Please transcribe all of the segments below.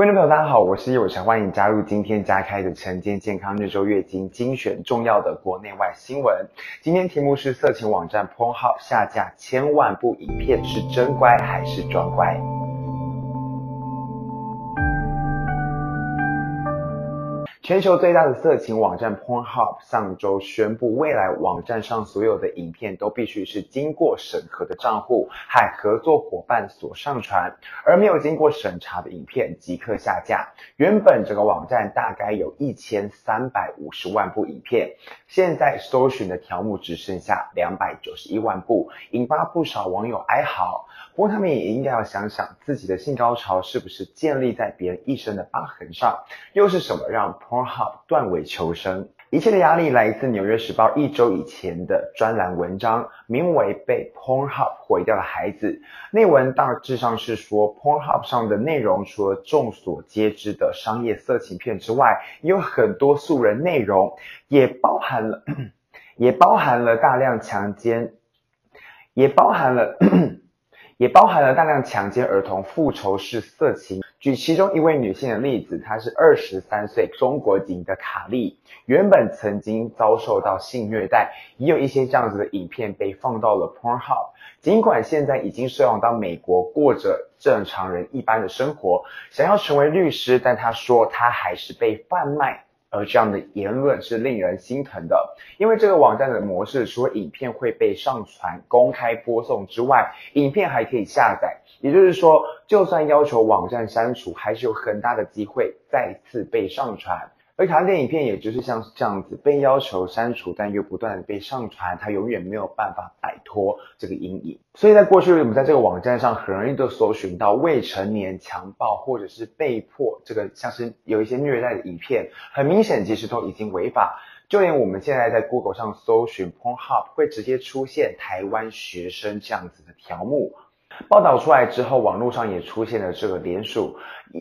觀眾朋友，大家好，我是有成，歡迎加入今天加開的晨間健康日周月經精選重要的國內外新聞。今天題目是色情網站 Pornhub 下架千萬部影片，是真乖還是裝乖？全球最大的色情網站 Pornhub 上週宣布，未來網站上所有的影片都必須是經過審核的賬戶和合作夥伴所上傳，而沒有經過審查的影片即刻下架。原本這個網站大概有一千三百五十萬部影片，現在搜尋的條目只剩下兩百九十一萬部，引發不少網友哀嚎。不過他們也應該要想想，自己的性高潮是不是建立在別人一生的疤痕上？又是什麼讓 porn 斷尾求生，一切的壓力來自《紐約時報》一周以前的專欄文章，名為《被 Pornhub 毀掉的孩子》。內文大致上是說，Pornhub 上的內容除了眾所皆知的商業色情片之外，有很多素人內容，也包含了也包含了大量強姦，也包含了咳咳也包含了大量強姦兒童、復仇式色情。舉其中一位女性的例子，她是二十三歲中國籍的卡莉，原本曾經遭受到性虐待，也有一些這樣子的影片被放到了 Pornhub。儘管現在已經前往到美國，過着正常人一般的生活，想要成為律師，但她說她還是被販賣。而這樣的言論是令人心疼的，因為這個網站的模式，除了影片會被上傳、公開播送之外，影片還可以下載。也就是說，就算要求網站刪除，還是有很大的機會再次被上傳。而他的影片，也就是像這樣子被要求刪除，但又不斷地被上傳，他永遠沒有辦法擺脫這個陰影。所以在過去，我們在這個網站上很容易就搜尋到未成年強暴，或者是被迫這個像是有一些虐待的影片，很明顯其實都已經違法。就連我們現在在 Google 上搜尋 Pornhub，會直接出現台灣學生這樣子的條目。報道出來之後，網絡上也出現了這個聯署，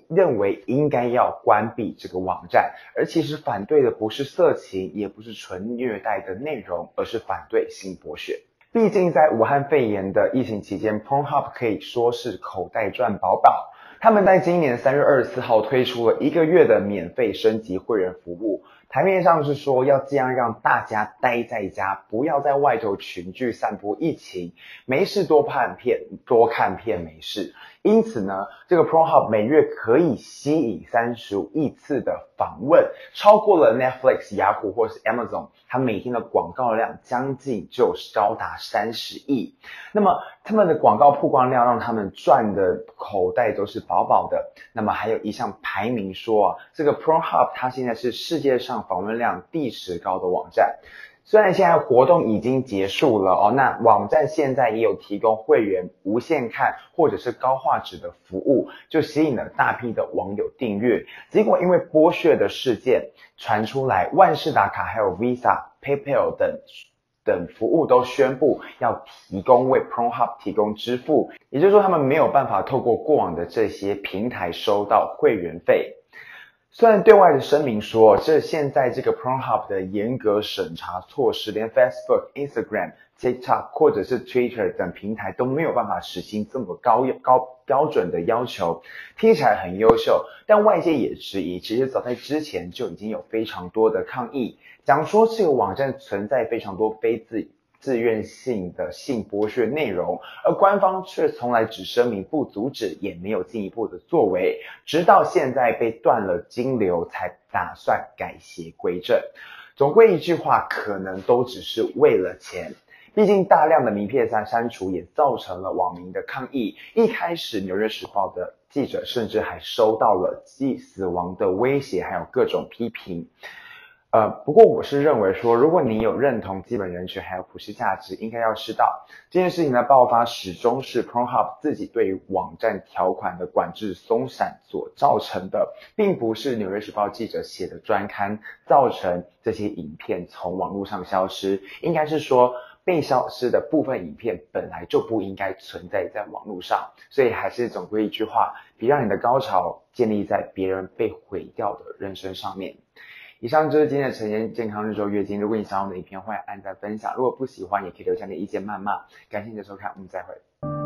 認為應該要關閉這個網站。而其實反對的不是色情，也不是純虐待的內容，而是反對性剝削。畢竟在武漢肺炎的疫情期間 Pornhub 可以說是口袋賺飽飽。他們在今年三月二十四號推出了一個月的免費升級會員服務，台面上是說要盡量讓大家待在家，不要在外頭群聚，散播疫情，沒事多看片，多看片沒事。因此呢，這個 Pornhub 每月可以吸引三十五億次的訪問，超過了 Netflix、雅虎或者是 Amazon，它每天的廣告量將近就高達三十億。那麼他們的廣告曝光量讓他們賺的口袋都是飽飽的。那麼還有一項排名說啊，這個 Pornhub 它現在是世界上訪問量第十高的網站。雖然現在活動已經結束了哦，那網站現在也有提供會員無限看或者是高畫質的服務，就吸引了大批的網友訂閱。結果因為剝削的事件傳出來，萬事達卡還有 Visa、PayPal 等等服務都宣布要提供為 Pornhub 提供支付，也就是說他們沒有辦法透過過往的這些平台收到會員費。雖然對外的聲明說，這、就是、現在這個 Pornhub 的嚴格審查措施，連 Facebook、Instagram、TikTok 或者是 Twitter 等平台都沒有辦法實行這麼高高標準的要求，聽起來很優秀，但外界也質疑，其實早在之前就已經有非常多的抗議，講說這個網站存在非常多非自自願性的性剝削內容，而官方卻從來只聲明不阻止，也沒有進一步的作為，直到現在被斷了金流才打算改邪歸正。總歸一句話，可能都只是為了錢。畢竟大量的影片在刪除，也造成了網民的抗議。一開始，《紐約時報》的記者甚至還收到了既死亡的威脅，還有各種批評。呃，不過我是認為說，如果你有認同基本人權還有普世價值，應該要知道這件事情的爆發始終是 Pornhub 自己對於網站條款的管制鬆散所造成的，並不是紐約時報記者寫的專刊造成這些影片從網絡上消失。應該是說，被消失的部分影片本來就不應該存在在網絡上，所以還是總歸一句話，別讓你的高潮建立在別人被毀掉的人生上面。以上就是今天的成人健康日週月經。如果你喜歡我的影片，歡迎按贊分享，如果不喜歡，也可以留下你的意見謾罵。感謝你的收看，我們再會。